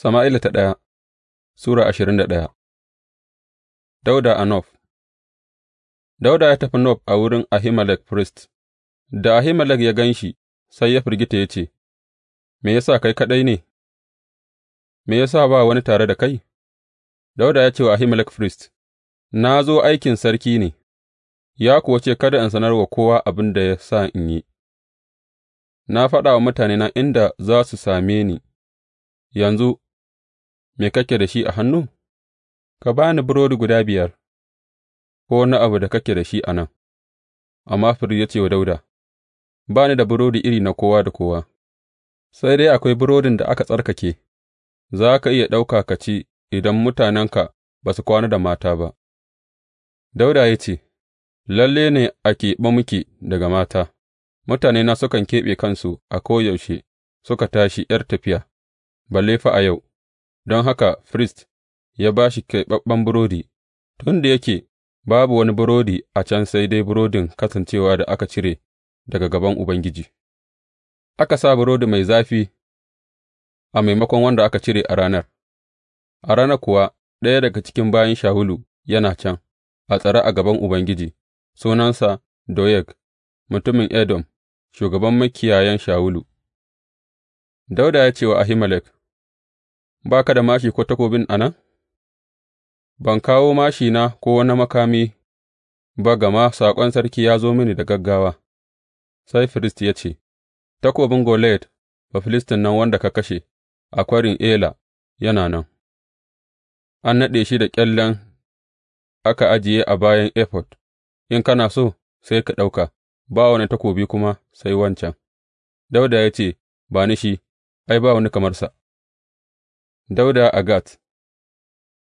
Sama'ila ta ɗaya Sura ashirin da ɗaya Dauda a Nof Dauda ya tafi Nof a wurin Ahimelek firist, da Ahimelek ya gan shi, sai ya firgita ya ce, Me ya sa kai kaɗai ne, me ya sa ba wani tare da kai? Dauda ya ce wa Ahimelek firist, Na zo aikin sarki ne, ya kuwa ce kada in sanar wa kowa abin da ya sa in yi, na faɗa wa na inda za su same ni, yanzu Me kake da shi a hannu, ka ba ni burodi guda biyar, ko wani abu da kake da shi a nan, amma firist ya ce wa Dawuda, Ba ni da burodi iri na kowa da kowa, sai dai akwai burodin da aka tsarkake, za ka iya ɗauka ka ci idan mutanenka ba su kwana da mata ba. Dauda ya ce, Lalle ne a keɓe muke daga mata, mutanena sukan keɓe kansu a koyaushe suka tashi ’yar tafiya, balle fa a yau. don haka firist ya ba shi keɓaɓɓen burodi, tun da yake babu wani burodi a can sai dai burodin kasancewa da aka cire daga gaban Ubangiji. Aka sa burodi mai zafi a maimakon wanda aka cire a ranar, a ranar kuwa ɗaya daga cikin bayan Shawulu yana can, a tsare a gaban Ubangiji, sunansa Doyeg, mutumin Edom, shugaban makiyayan Shawulu. Dauda ya ce wa Ahimelek, Ba ka da māshi ko takobin a nan? Ban kawo māshina ko wani makami ba, gama saƙon sarki ya zo mini da gaggawa. Sai firist ya ce, Takobin Goliyat, filistin nan wanda ka kashe a kwarin Ela, yana nan, an naɗe shi da ƙyallen aka ajiye a bayan efod, in kana so, sai ka ɗauka, ba wani takobi kuma sai wancan. Dauda ya ce, Ba ni shi, ai, ba wani kamar sa. Dauda a Gat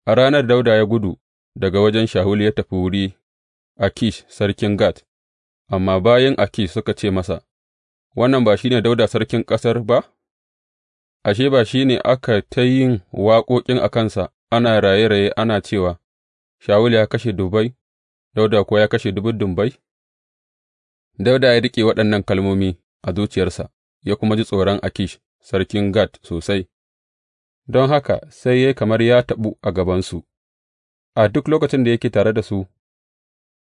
A ranar Dauda ya gudu daga wajen Shawulu ya tafi wuri Akish sarkin Gat, amma bayin Akish suka ce masa, Wannan ba shi ne Dauda sarkin ƙasar ba, ashe, ba shi ne aka ta yin waƙoƙin a kansa, ana raye-raye ana cewa, Shawulu ya kashe dubai, Dauda kuwa ya kashe dubin dubai? Dauda ya riƙe waɗannan kalmomi a zuciyarsa, ya kuma ji tsoron Akish sarkin Gat sosai. don haka sai ya yi kamar ya taɓu a gabansu, a duk lokacin da yake tare da su,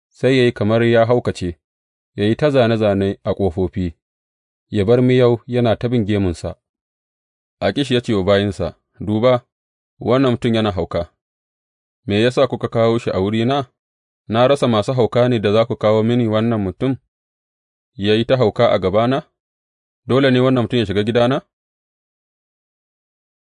sai ya yi kamar ya haukace, ya yi ta zane zane a ƙofofi, ya bar miyau yana ta bin gemunsa. Akish ya ce wa bayinsa, Duba, wannan mutum yana hauka, me ya sa kuka kawo shi a wurina? Na rasa masu hauka ne da za ku kawo mini wannan mutum, ya yi ta hauka a gabana? Dole ne wannan mutum ya shiga gidana?